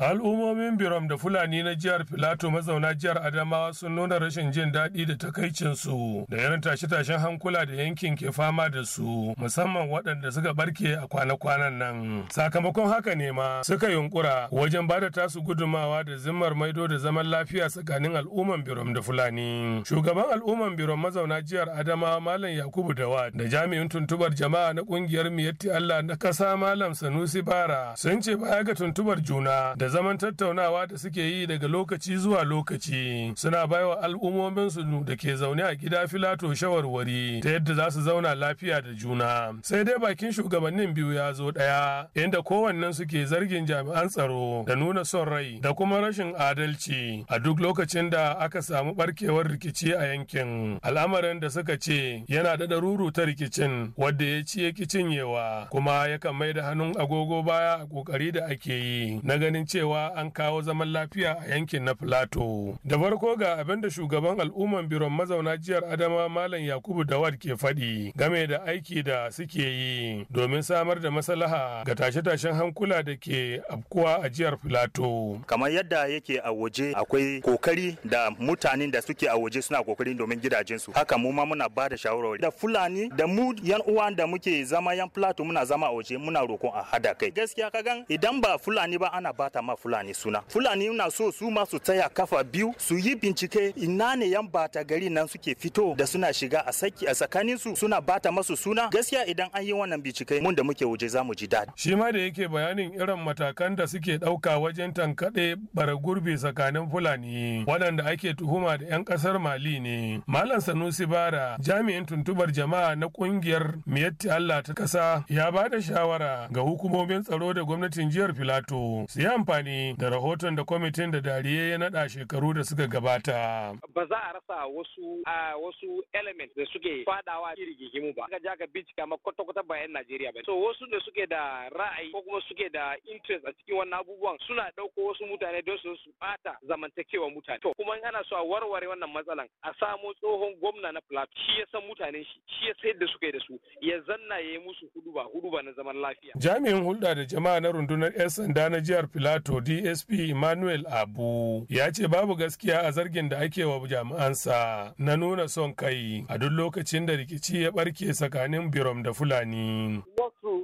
Al'ummomin Biram da Fulani na jihar Filato mazauna jihar Adamawa sun nuna rashin jin daɗi da takaicinsu da irin tashe-tashen hankula da yankin ke fama da su musamman waɗanda suka barke a kwana-kwanan nan. Sakamakon haka ne ma suka yunkura wajen bada tasu gudumawa da zimmar maido da zaman lafiya tsakanin al'umman Biram da Fulani. Shugaban al'umman Biram mazauna jihar Adamawa Malam Yakubu Dawa da jami'in tuntubar jama'a na ƙungiyar Miyatti Allah na ƙasa Malam Sanusi Bara sun ce baya ga tuntubar juna da zaman tattaunawa da suke yi daga lokaci zuwa lokaci suna baiwa al'ummominsu da ke zaune a gida filato shawarwari ta yadda za su zauna lafiya da juna sai dai bakin shugabannin biyu ya zo ɗaya inda kowannen suke zargin jami'an tsaro da nuna son rai da kuma rashin adalci a duk lokacin da aka samu barkewar rikici a yankin al'amarin da suka ce yana da daruru ta rikicin wadda ya ci ya ki cinyewa kuma yakan mai da hannun agogo baya a kokari da ake yi na ganin ce. cewa an kawo zaman lafiya a yankin na Filato. Da farko ga abin da shugaban al'umman biron mazauna jihar Adama Malam Yakubu Dawad ke faɗi game da aiki da suke yi domin samar da maslaha ga tashe-tashen hankula da ke afkuwa a jihar Filato. Kamar yadda yake a waje akwai kokari da mutanen da suke a waje suna kokari domin gidajensu. Haka mu ma muna ba da shawarwari. Da Fulani da mu yan uwa da muke zama yan Filato muna zama a waje muna roƙon a hada kai. Gaskiya ka ga idan ba Fulani ba ana bata saka fulani suna fulani na so su ma su tsaya kafa biyu su yi bincike ina ne yan bata gari nan suke fito da suna shiga a saki a tsakanin su suna bata masu suna gaskiya idan an yi wannan bincike mun da muke waje mu ji daɗi shi ma da yake bayanin irin matakan da suke ɗauka wajen tankaɗe bara gurbi tsakanin fulani waɗanda ake tuhuma da 'yan ƙasar mali ne malam sanusi bara jami'in tuntubar jama'a na ƙungiyar miyatti allah ta ƙasa ya ba da shawara ga hukumomin tsaro da gwamnatin jihar filato su yi saba da rahoton da kwamitin da dariye ya nada shekaru da suka gabata. Ba za a rasa wasu a wasu element da suke fadawa rigigimu ba. Ka ja ka bincika ma kwata-kwata ba 'yan Najeriya ba. So wasu da suke da ra'ayi ko kuma suke da interest a cikin wannan abubuwan suna ɗauko wasu mutane don su bata zamantakewa mutane. To kuma in ana so a warware wannan matsalan a samo tsohon gwamna na Plateau shi ya san mutanen shi shi ya sayar da suka da su ya zanna ya yi musu hudu ba hudu ba na zaman lafiya. Jami'in hulɗa da jama'a na rundunar 'yan sanda na jihar Plateau wato dsp emmanuel abu ya ce babu gaskiya a zargin da ake wa jami'ansa na nuna son kai a duk lokacin da rikici ya barke tsakanin birom da fulani people,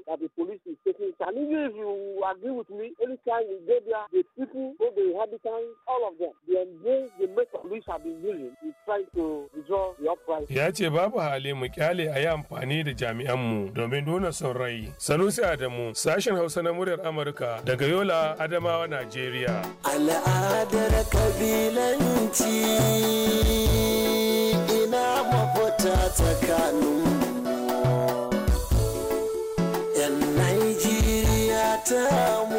all the inhabitants, all of them, they embrace the method which have been using to try to Ya ce babu hali mu kyale a yi amfani da jami'anmu domin nuna son rai. Sanusi Adamu, sashen Hausa na muryar Amurka daga Yola, Adamawa, Najeriya. Al'adar kabilanci ina ta kanu. ‘yan Najeriya ta mu.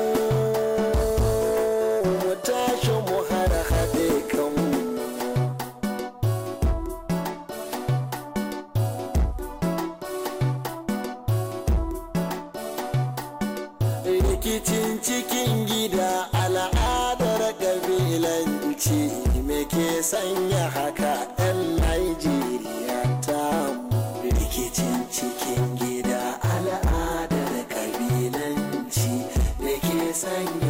rikicin cikin gida al'adar kabilanci me ke sanya haka 'yan Najeriya ta rikicin cikin gida al'adar kabilanci me ke sanya